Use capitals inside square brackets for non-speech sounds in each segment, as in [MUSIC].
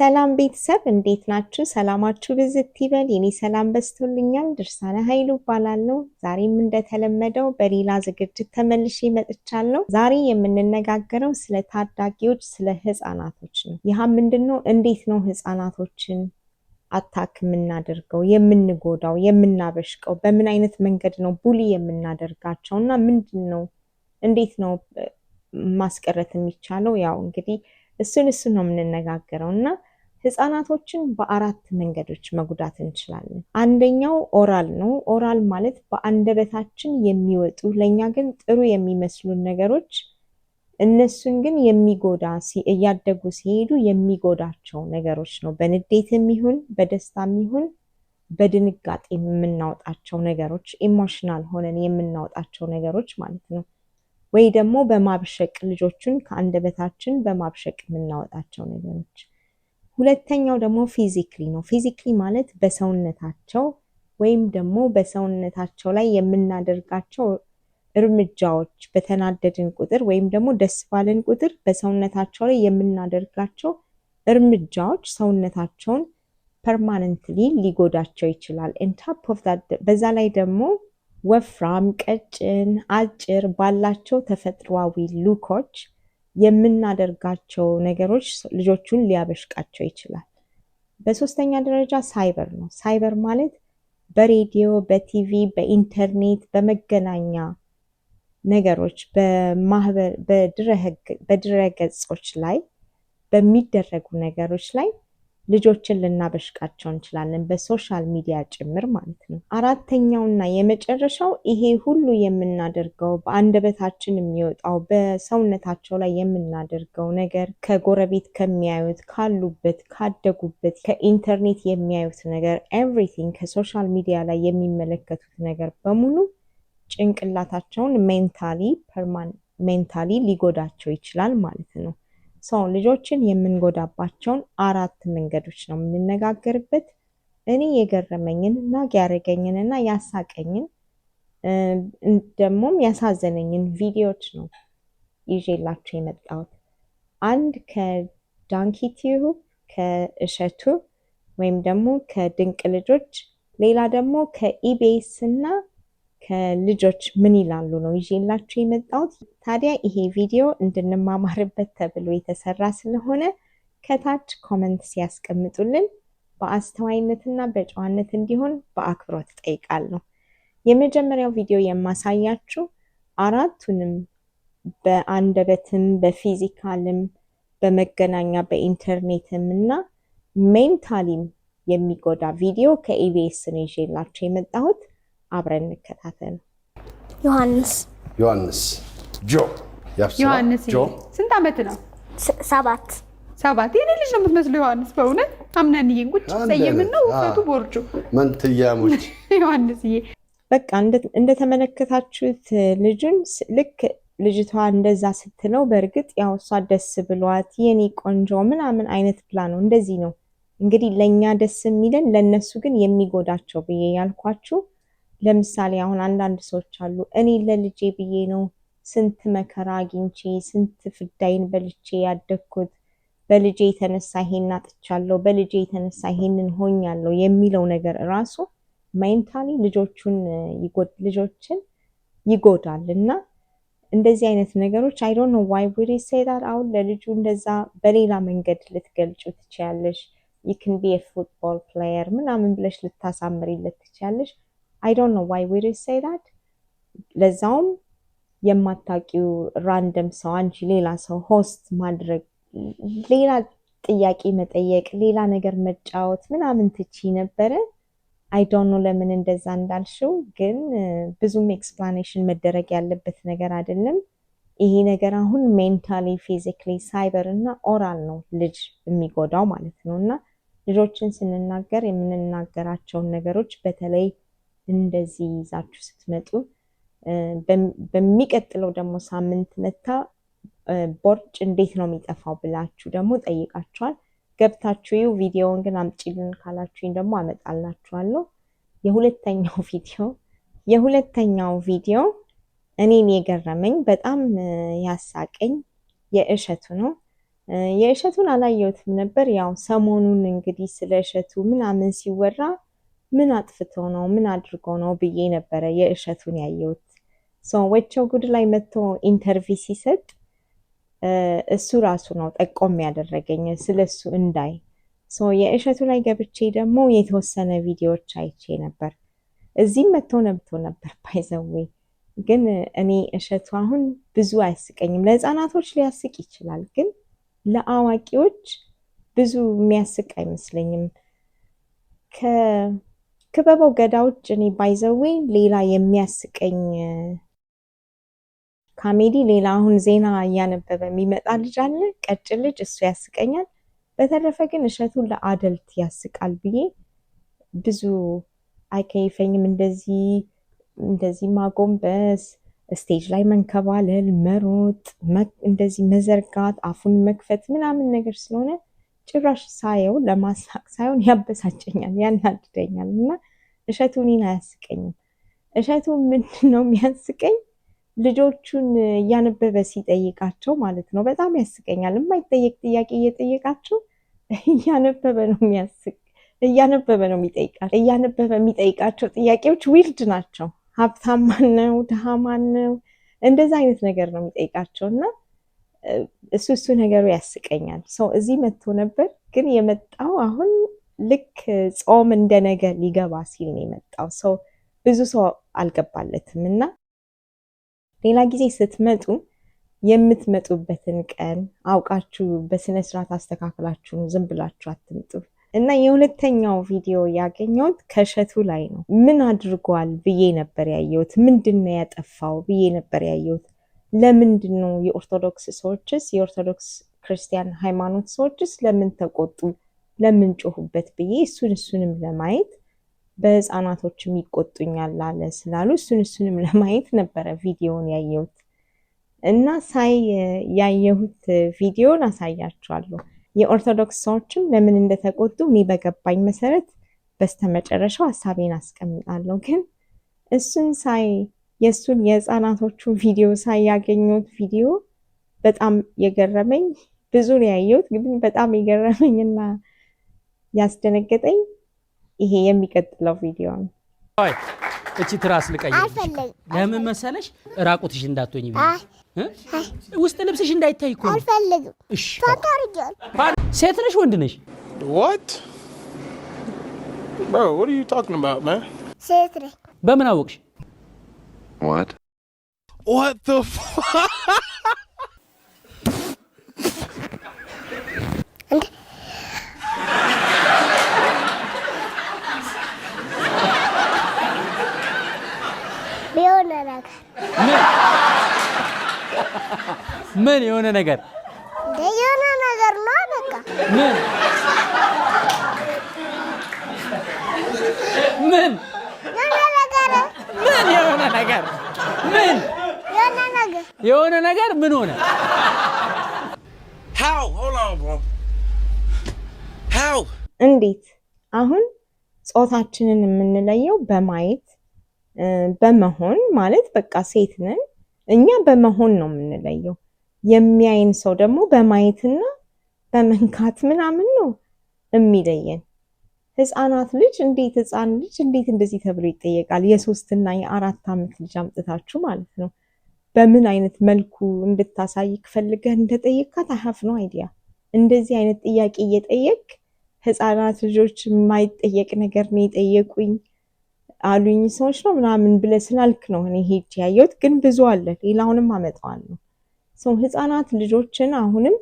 ሰላም ቤተሰብ እንዴት ናችሁ? ሰላማችሁ ብዝት ይበል። የኔ ሰላም በስቶልኛል ድርሳነ ኃይሉ እባላለሁ። ዛሬም እንደተለመደው በሌላ ዝግጅት ተመልሼ መጥቻለሁ። ዛሬ የምንነጋገረው ስለ ታዳጊዎች፣ ስለ ህፃናቶች ነው። ይህ ምንድን ነው? እንዴት ነው ህፃናቶችን አታክ የምናደርገው የምንጎዳው፣ የምናበሽቀው? በምን አይነት መንገድ ነው ቡሊ የምናደርጋቸው እና ምንድን ነው እንዴት ነው ማስቀረት የሚቻለው? ያው እንግዲህ እሱን እሱን ነው የምንነጋገረው እና ህጻናቶችን በአራት መንገዶች መጉዳት እንችላለን። አንደኛው ኦራል ነው። ኦራል ማለት በአንደበታችን የሚወጡ ለእኛ ግን ጥሩ የሚመስሉን ነገሮች እነሱን ግን የሚጎዳ እያደጉ ሲሄዱ የሚጎዳቸው ነገሮች ነው። በንዴትም ይሁን በደስታም ይሁን በድንጋጤ የምናወጣቸው ነገሮች፣ ኢሞሽናል ሆነን የምናወጣቸው ነገሮች ማለት ነው። ወይ ደግሞ በማብሸቅ ልጆቹን ከአንደበታችን በማብሸቅ የምናወጣቸው ነገሮች ሁለተኛው ደግሞ ፊዚክሊ ነው። ፊዚክሊ ማለት በሰውነታቸው ወይም ደግሞ በሰውነታቸው ላይ የምናደርጋቸው እርምጃዎች በተናደድን ቁጥር ወይም ደግሞ ደስ ባለን ቁጥር በሰውነታቸው ላይ የምናደርጋቸው እርምጃዎች ሰውነታቸውን ፐርማነንትሊ ሊጎዳቸው ይችላል። ኢንታፕ ኦፍ ዛት በዛ ላይ ደግሞ ወፍራም፣ ቀጭን፣ አጭር ባላቸው ተፈጥሯዊ ሉኮች የምናደርጋቸው ነገሮች ልጆቹን ሊያበሽቃቸው ይችላል። በሶስተኛ ደረጃ ሳይበር ነው። ሳይበር ማለት በሬዲዮ፣ በቲቪ፣ በኢንተርኔት፣ በመገናኛ ነገሮች፣ በድረ ገጾች ላይ በሚደረጉ ነገሮች ላይ ልጆችን ልናበሽቃቸው እንችላለን፣ በሶሻል ሚዲያ ጭምር ማለት ነው። አራተኛውና የመጨረሻው ይሄ ሁሉ የምናደርገው በአንደበታችን የሚወጣው በሰውነታቸው ላይ የምናደርገው ነገር ከጎረቤት ከሚያዩት፣ ካሉበት፣ ካደጉበት፣ ከኢንተርኔት የሚያዩት ነገር ኤቭሪቲንግ ከሶሻል ሚዲያ ላይ የሚመለከቱት ነገር በሙሉ ጭንቅላታቸውን ሜንታሊ ፐርማን ሜንታሊ ሊጎዳቸው ይችላል ማለት ነው። ሰው ልጆችን የምንጎዳባቸውን አራት መንገዶች ነው የምንነጋገርበት። እኔ የገረመኝን ናግ ያደረገኝን እና ያሳቀኝን ደግሞም ያሳዘነኝን ቪዲዮዎች ነው ይዤላቸው የመጣሁት። አንድ ከዳንኪ ቲዩብ ከእሸቱ ወይም ደግሞ ከድንቅ ልጆች ሌላ ደግሞ ከኢቢኤስ እና ከልጆች ምን ይላሉ ነው ይዤላችሁ የመጣሁት። ታዲያ ይሄ ቪዲዮ እንድንማማርበት ተብሎ የተሰራ ስለሆነ ከታች ኮመንት ሲያስቀምጡልን በአስተዋይነትና በጨዋነት እንዲሆን በአክብሮት ጠይቃለሁ። የመጀመሪያው ቪዲዮ የማሳያችሁ አራቱንም በአንደበትም በፊዚካልም በመገናኛ በኢንተርኔትም እና ሜንታሊም የሚጎዳ ቪዲዮ ከኢቢኤስ ነው ይዤላችሁ የመጣሁት። አብረን እንከታተል። ዮሐንስ ዮሐንስ ጆ ዮሐንስ ጆ ስንት ዓመት ነው? ሰባት ሰባት የኔ ልጅ ነው የምትመስለው ዮሐንስ። በእውነት አምናንዬ ቁጭ ሰየምን ነው ውፈቱ ቦርጩ መንትያሞች [LAUGHS] ዮሐንስዬ በቃ እንደተመለከታችሁት ልጁን ልክ ልጅቷ እንደዛ ስትለው በእርግጥ ያው እሷ ደስ ብሏት የኔ ቆንጆ ምናምን አይነት ብላ ነው። እንደዚህ ነው እንግዲህ ለእኛ ደስ የሚለን ለእነሱ ግን የሚጎዳቸው ብዬ ያልኳችሁ ለምሳሌ አሁን አንዳንድ ሰዎች አሉ እኔ ለልጄ ብዬ ነው ስንት መከራ አግኝቼ ስንት ፍዳይን በልቼ ያደግኩት በልጄ የተነሳ ይሄን አጥቻለሁ፣ በልጄ የተነሳ ይሄንን ሆኛለሁ የሚለው ነገር ራሱ ማይንታሊ ልጆቹን ልጆችን ይጎዳል እና እንደዚህ አይነት ነገሮች አይ ዶንት ኖ ዋይ ዊድ ሴዳር አሁን ለልጁ እንደዛ በሌላ መንገድ ልትገልጩ ትችያለሽ። ይክን ቢ ፉትቦል ፕሌየር ምናምን ብለሽ ልታሳምሪለት ትችያለሽ። አይ ዶንት ኖ ዋይ ዊድ ሴይ ዳት ለዛውም የማታውቂው ራንደም ሰው አንቺ ሌላ ሰው ሆስት ማድረግ ሌላ ጥያቄ መጠየቅ ሌላ ነገር መጫወት ምናምን ትቺ ነበረ። አይ ዶንት ኖ ለምን እንደዛ እንዳልሽው፣ ግን ብዙም ኤክስፕላኔሽን መደረግ ያለበት ነገር አይደለም። ይሄ ነገር አሁን ሜንታሊ፣ ፊዚክሊ፣ ሳይበር እና ኦራል ነው ልጅ የሚጎዳው ማለት ነው እና ልጆችን ስንናገር የምንናገራቸውን ነገሮች በተለይ እንደዚህ ይዛችሁ ስትመጡ በሚቀጥለው ደግሞ ሳምንት መታ ቦርጭ እንዴት ነው የሚጠፋው ብላችሁ ደግሞ ጠይቃችኋል። ገብታችሁ ቪዲዮውን ግን አምጪልን ካላችሁኝ ደግሞ አመጣላችኋለሁ። የሁለተኛው [LAUGHS] ቪዲዮ የሁለተኛው ቪዲዮ እኔን የገረመኝ በጣም ያሳቀኝ የእሸቱ ነው። የእሸቱን አላየሁትም ነበር። ያው ሰሞኑን እንግዲህ ስለ እሸቱ ምናምን ሲወራ ምን አጥፍቶ ነው ምን አድርጎ ነው ብዬ ነበረ የእሸቱን ያየሁት። ወቸው ጉድ ላይ መጥቶ ኢንተርቪው ሲሰጥ እሱ ራሱ ነው ጠቆም ያደረገኝ ስለ እሱ እንዳይ። የእሸቱ ላይ ገብቼ ደግሞ የተወሰነ ቪዲዮዎች አይቼ ነበር። እዚህም መጥቶ ነብቶ ነበር ባይዘዌ [LAUGHS] ግን እኔ እሸቱ አሁን ብዙ አያስቀኝም። ለህፃናቶች ሊያስቅ ይችላል፣ ግን ለአዋቂዎች ብዙ የሚያስቅ አይመስለኝም። ክበበው ገዳዎች እኔ ባይዘዌ ሌላ የሚያስቀኝ ካሜዲ ሌላ አሁን ዜና እያነበበ የሚመጣ ልጅ አለ፣ ቀጭን ልጅ። እሱ ያስቀኛል። በተረፈ ግን እሸቱ ለአደልት ያስቃል ብዬ ብዙ አይከይፈኝም። እንደዚህ እንደዚህ ማጎንበስ፣ ስቴጅ ላይ መንከባለል፣ መሮጥ፣ እንደዚህ መዘርጋት፣ አፉን መክፈት ምናምን ነገር ስለሆነ ጭራሽ ሳየው ለማሳቅ ሳይሆን ያበሳጨኛል፣ ያናድደኛል እና እሸቱ እኔን አያስቀኝም። እሸቱ ምንድን ነው የሚያስቀኝ ልጆቹን እያነበበ ሲጠይቃቸው ማለት ነው። በጣም ያስቀኛል። የማይጠየቅ ጥያቄ እየጠየቃቸው እያነበበ ነው የሚያስቅ እያነበበ ነው የሚጠይቃቸው እያነበበ የሚጠይቃቸው ጥያቄዎች ዊልድ ናቸው። ሀብታም ማን ነው? ድሃ ማን ነው? እንደዛ አይነት ነገር ነው የሚጠይቃቸው እና እሱ እሱ ነገሩ ያስቀኛል። ሰው እዚህ መጥቶ ነበር፣ ግን የመጣው አሁን ልክ ጾም እንደ ነገ ሊገባ ሲል ነው የመጣው። ሰው ብዙ ሰው አልገባለትም እና ሌላ ጊዜ ስትመጡ የምትመጡበትን ቀን አውቃችሁ በስነ ስርዓት አስተካክላችሁ ዝም ብላችሁ አትምጡ። እና የሁለተኛው ቪዲዮ ያገኘሁት ከእሸቱ ላይ ነው። ምን አድርጓል ብዬ ነበር ያየሁት። ምንድን ነው ያጠፋው ብዬ ነበር ያየሁት። ለምንድን ነው የኦርቶዶክስ ሰዎችስ የኦርቶዶክስ ክርስቲያን ሃይማኖት ሰዎችስ ለምን ተቆጡ ለምን ጮሁበት ብዬ እሱን እሱንም ለማየት በህፃናቶችም ይቆጡኛል አለ ስላሉ እሱን እሱንም ለማየት ነበረ ቪዲዮውን ያየሁት እና ሳይ ያየሁት ቪዲዮን አሳያችኋለሁ። የኦርቶዶክስ ሰዎችም ለምን እንደተቆጡ እኔ በገባኝ መሰረት በስተመጨረሻው ሀሳቤን አስቀምጣለሁ። ግን እሱን ሳይ የእሱን የህፃናቶቹን ቪዲዮ ሳይ ያገኘሁት ቪዲዮ በጣም የገረመኝ ብዙ ነው ያየሁት፣ ግን በጣም የገረመኝ እና ያስደነገጠኝ ይሄ የሚቀጥለው ቪዲዮ ነው። እቺ ትራስ ልቀይ ለምን መሰለሽ? ራቁትሽ እንዳትሆኝ ውስጥ ልብስሽ እንዳይታይ እኮ አልፈልግም። ሴት ነሽ ወንድ ነሽ? በምን አወቅሽ? What? What the fuck? ምን የሆነ ነገር የሆነ ነገር ነው። በቃ ምን ምን ምን የሆነ ነገር ምን የሆነ ነገር ምን ሆነ? እንዴት አሁን ጾታችንን የምንለየው በማየት በመሆን ማለት በቃ ሴት ነን እኛ በመሆን ነው የምንለየው። የሚያይን ሰው ደግሞ በማየትና በመንካት ምናምን ነው የሚለየን። ህፃናት ልጅ እንዴት ህፃን ልጅ እንዴት እንደዚህ ተብሎ ይጠየቃል? የሶስትና የአራት ዓመት ልጅ አምጥታችሁ ማለት ነው። በምን አይነት መልኩ እንድታሳይ ክፈልገህ እንደጠየቅካት አሀፍ ነው አይዲያ። እንደዚህ አይነት ጥያቄ እየጠየቅ ህፃናት ልጆች የማይጠየቅ ነገር ነው የጠየቁኝ አሉኝ ሰዎች ነው ምናምን ብለ ስላልክ ነው እኔ ሄድ ያየሁት። ግን ብዙ አለ፣ ሌላውንም አመጣዋለሁ። ሰው ህፃናት ልጆችን አሁንም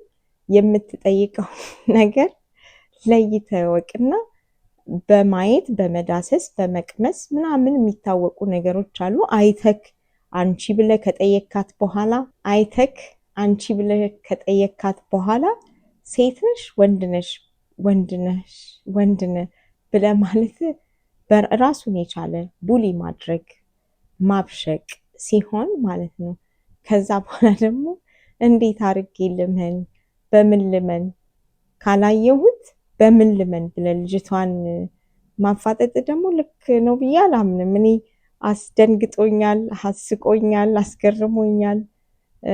የምትጠይቀው ነገር ለይተወቅና በማየት በመዳሰስ በመቅመስ ምናምን የሚታወቁ ነገሮች አሉ። አይተክ አንቺ ብለ ከጠየካት በኋላ አይተክ አንቺ ብለ ከጠየካት በኋላ ሴት ነሽ ወንድ ነሽ ወንድ ነሽ ወንድ ማለት ራሱን የቻለ ቡሊ ማድረግ ማብሸቅ ሲሆን ማለት ነው። ከዛ በኋላ ደግሞ እንዴት አድርጌ ልመን በምን ልመን ካላየሁት በምን ልመን ብለን ልጅቷን ማፋጠጥ ደግሞ ልክ ነው ብዬ አላምንም። እኔ አስደንግጦኛል፣ አስቆኛል፣ አስገርሞኛል።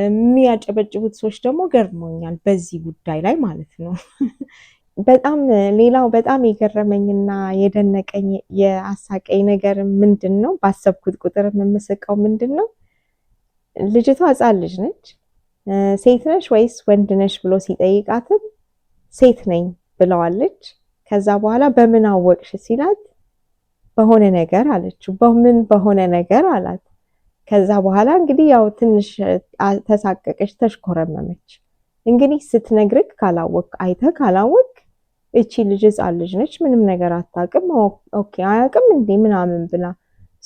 የሚያጨበጭቡት ሰዎች ደግሞ ገርሞኛል፣ በዚህ ጉዳይ ላይ ማለት ነው። [LAUGHS] በጣም ሌላው በጣም የገረመኝና የደነቀኝ የአሳቀኝ ነገር ምንድን ነው፣ ባሰብኩት ቁጥር የምስቀው ምንድን ነው፣ ልጅቷ ሕፃን ልጅ ነች። ሴት ነሽ ወይስ ወንድ ነሽ ብሎ ሲጠይቃትም ሴት ነኝ ብለዋለች። ከዛ በኋላ በምን አወቅሽ ሲላት በሆነ ነገር አለችው። በምን በሆነ ነገር አላት። ከዛ በኋላ እንግዲህ ያው ትንሽ ተሳቀቀች፣ ተሽኮረመመች። እንግዲህ ስትነግርክ ካላወቅ አይተ ካላወቅ እቺ ልጅ ህፃን ልጅ ነች፣ ምንም ነገር አታውቅም። ኦኬ አያውቅም እንዴ ምናምን ብላ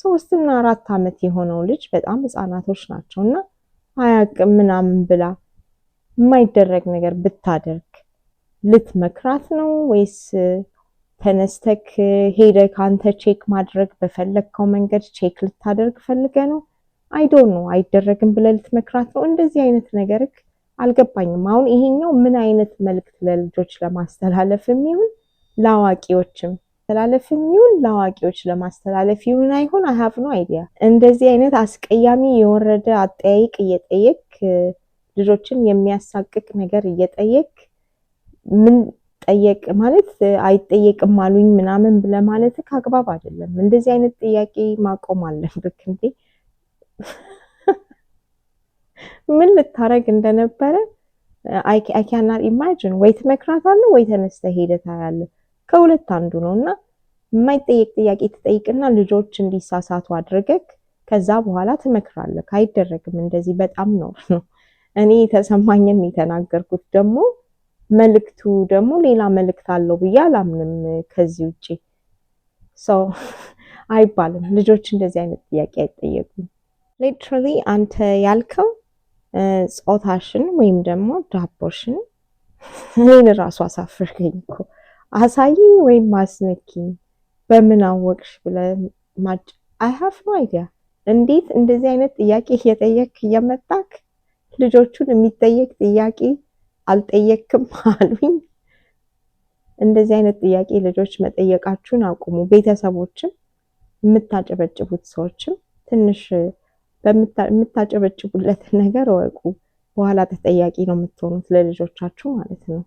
ሶስትና አራት ዓመት የሆነው ልጅ በጣም ህፃናቶች ናቸው እና አያውቅም ምናምን ብላ የማይደረግ ነገር ብታደርግ ልትመክራት ነው ወይስ ተነስተክ ሄደ ከአንተ ቼክ ማድረግ በፈለግከው መንገድ ቼክ ልታደርግ ፈልገ ነው? አይዶን ነው አይደረግም ብለ ልትመክራት ነው? እንደዚህ አይነት ነገር አልገባኝም። አሁን ይሄኛው ምን አይነት መልክት ለልጆች ለማስተላለፍ የሚሆን ለአዋቂዎችም ለማስተላለፍም የሚሆን ለአዋቂዎች ለማስተላለፍ ይሁን አይሆን አሀብ ነው አይዲያ። እንደዚህ አይነት አስቀያሚ የወረደ አጠያይቅ እየጠየቅ ልጆችን የሚያሳቅቅ ነገር እየጠየቅ ምን ጠየቅ ማለት አይጠየቅም አሉኝ ምናምን ብለ ማለት አግባብ አይደለም። እንደዚህ አይነት ጥያቄ ማቆም አለብክ። እንዴ ምን ልታረግ እንደነበረ አይኪያናት ኢማጂን። ወይ ትመክራታለህ ወይ ተነስተህ ሄደህ ታያለህ። ከሁለት አንዱ ነው እና የማይጠየቅ ጥያቄ ትጠይቅና ልጆች እንዲሳሳቱ አድርገክ ከዛ በኋላ ትመክራለክ። አይደረግም እንደዚህ በጣም ነውር ነው። እኔ የተሰማኝን የተናገርኩት ደግሞ መልእክቱ ደግሞ ሌላ መልእክት አለው ብዬ አላምንም። ከዚህ ውጭ ሰው [LAUGHS] አይባልም። ልጆች እንደዚህ አይነት ጥያቄ አይጠየቁም። ሊትራሊ አንተ ያልከው ጾታሽን ወይም ደግሞ ዳቦሽን [LAUGHS] እኔን ራሱ አሳፍርከኝ እኮ አሳይኝ ወይም አስነኪኝ በምን አወቅሽ ብለ ማጭ አይ ሀፍ ኖ አይዲያ። እንዴት እንደዚህ አይነት ጥያቄ እየጠየቅ እየመጣክ ልጆቹን የሚጠየቅ ጥያቄ አልጠየክም [LAUGHS] አሉኝ። እንደዚህ አይነት ጥያቄ ልጆች መጠየቃችሁን አቁሙ። ቤተሰቦችም የምታጨበጭቡት ሰዎችም ትንሽ የምታጨበጭቡለትን ነገር እወቁ። በኋላ ተጠያቂ ነው የምትሆኑት ለልጆቻችሁ ማለት ነው።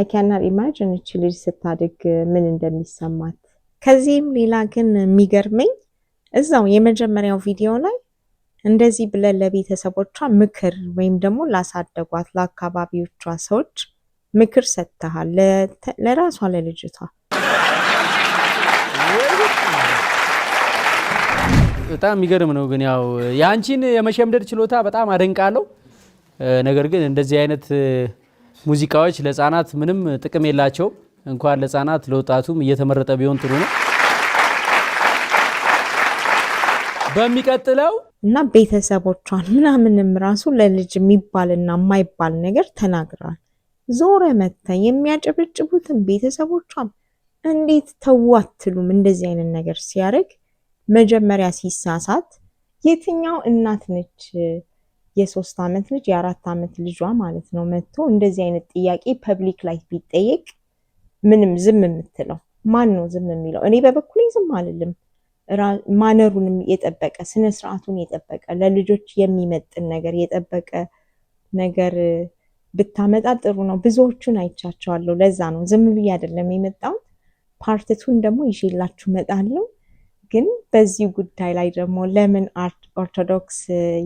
አይ ካናት ኢማጅን እቺ ልጅ ስታድግ ምን እንደሚሰማት። ከዚህም ሌላ ግን የሚገርመኝ እዛው የመጀመሪያው ቪዲዮ ላይ እንደዚህ ብለን ለቤተሰቦቿ ምክር ወይም ደግሞ ላሳደጓት ለአካባቢዎቿ ሰዎች ምክር ሰጥተሃል ለራሷ ለልጅቷ በጣም የሚገርም ነው። ግን ያው የአንቺን የመሸምደድ ችሎታ በጣም አደንቃለሁ። ነገር ግን እንደዚህ አይነት ሙዚቃዎች ለህፃናት ምንም ጥቅም የላቸውም። እንኳን ለህፃናት ለወጣቱም እየተመረጠ ቢሆን ጥሩ ነው። በሚቀጥለው እና ቤተሰቦቿን ምናምንም ራሱ ለልጅ የሚባልና የማይባል ነገር ተናግራል። ዞረ መተ የሚያጨበጭቡትን ቤተሰቦቿም እንዴት ተው አትሉም? እንደዚህ አይነት ነገር ሲያደርግ መጀመሪያ ሲሳሳት የትኛው እናት ነች የሶስት ዓመት ልጅ የአራት ዓመት ልጇ ማለት ነው መጥቶ እንደዚህ አይነት ጥያቄ ፐብሊክ ላይ ቢጠየቅ ምንም ዝም የምትለው ማን ነው? ዝም የሚለው እኔ በበኩሌ ዝም አልልም። ማነሩንም የጠበቀ ስነ ስርዓቱን የጠበቀ ለልጆች የሚመጥን ነገር የጠበቀ ነገር ብታመጣ ጥሩ ነው። ብዙዎቹን አይቻቸዋለሁ። ለዛ ነው ዝም ብዬ አይደለም የመጣሁት። ፓርትቱን ደግሞ ይዤላችሁ መጣለሁ። ግን በዚህ ጉዳይ ላይ ደግሞ ለምን ኦርቶዶክስ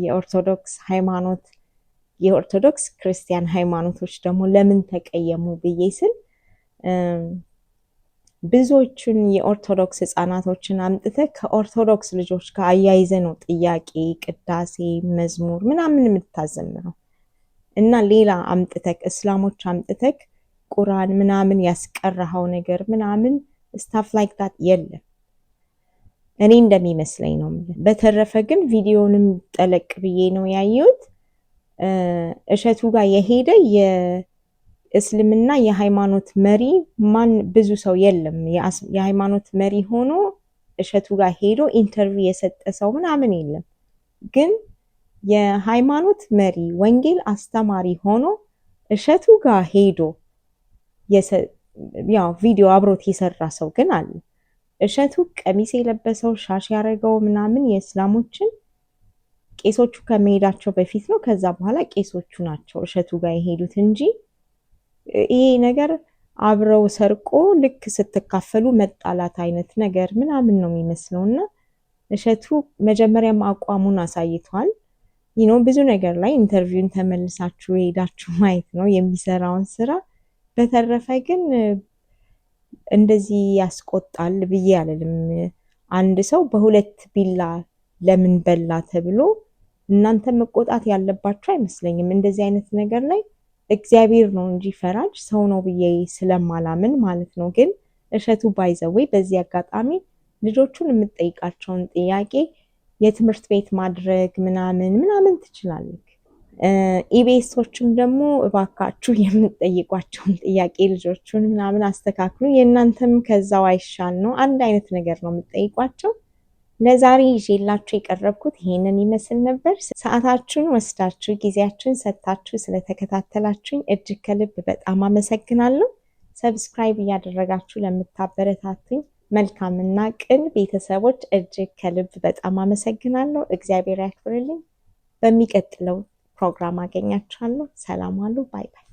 የኦርቶዶክስ ሃይማኖት የኦርቶዶክስ ክርስቲያን ሃይማኖቶች ደግሞ ለምን ተቀየሙ ብዬ ስል ብዙዎቹን የኦርቶዶክስ ህጻናቶችን አምጥተ ከኦርቶዶክስ ልጆች ጋር አያይዘ ነው ጥያቄ፣ ቅዳሴ፣ መዝሙር ምናምን የምታዘምረው እና ሌላ አምጥተክ እስላሞች አምጥተክ ቁራን ምናምን ያስቀረኸው ነገር ምናምን ስታፍ ላይክ ታት የለም። እኔ እንደሚመስለኝ ነው። በተረፈ ግን ቪዲዮንም ጠለቅ ብዬ ነው ያየሁት እሸቱ ጋር የሄደ እስልምና የሃይማኖት መሪ ማን ብዙ ሰው የለም። የሃይማኖት መሪ ሆኖ እሸቱ ጋር ሄዶ ኢንተርቪው የሰጠ ሰው ምናምን የለም። ግን የሃይማኖት መሪ ወንጌል አስተማሪ ሆኖ እሸቱ ጋር ሄዶ ያው ቪዲዮ አብሮት የሰራ ሰው ግን አለ። እሸቱ ቀሚስ የለበሰው ሻሽ ያደረገው ምናምን የእስላሞችን ቄሶቹ ከመሄዳቸው በፊት ነው። ከዛ በኋላ ቄሶቹ ናቸው እሸቱ ጋር የሄዱት እንጂ ይሄ ነገር አብረው ሰርቆ ልክ ስትካፈሉ መጣላት አይነት ነገር ምናምን ነው የሚመስለው እና እሸቱ መጀመሪያም አቋሙን አሳይቷል። ይህ ብዙ ነገር ላይ ኢንተርቪውን ተመልሳችሁ የሄዳችሁ ማየት ነው የሚሰራውን ስራ። በተረፈ ግን እንደዚህ ያስቆጣል ብዬ አልልም። አንድ ሰው በሁለት ቢላ ለምን በላ ተብሎ እናንተ መቆጣት ያለባችሁ አይመስለኝም። እንደዚህ አይነት ነገር ላይ እግዚአብሔር ነው እንጂ ፈራጅ ሰው ነው ብዬ ስለማላምን ማለት ነው። ግን እሸቱ ባይዘዌ በዚህ አጋጣሚ ልጆቹን የምትጠይቃቸውን ጥያቄ የትምህርት ቤት ማድረግ ምናምን ምናምን ትችላለች። ኢቤስቶችም ደግሞ እባካችሁ የምትጠይቋቸውን ጥያቄ ልጆቹን ምናምን አስተካክሉ፣ የእናንተም ከዛው አይሻል ነው። አንድ አይነት ነገር ነው የምትጠይቋቸው ለዛሬ ይዤላችሁ የቀረብኩት ይሄንን ይመስል ነበር። ሰዓታችሁን ወስዳችሁ ጊዜያችሁን ሰጥታችሁ ስለተከታተላችሁኝ እጅግ ከልብ በጣም አመሰግናለሁ። ሰብስክራይብ እያደረጋችሁ ለምታበረታቱኝ መልካምና ቅን ቤተሰቦች እጅግ ከልብ በጣም አመሰግናለሁ። እግዚአብሔር ያክብርልኝ። በሚቀጥለው ፕሮግራም አገኛችኋለሁ። ሰላም አሉ። ባይ ባይ።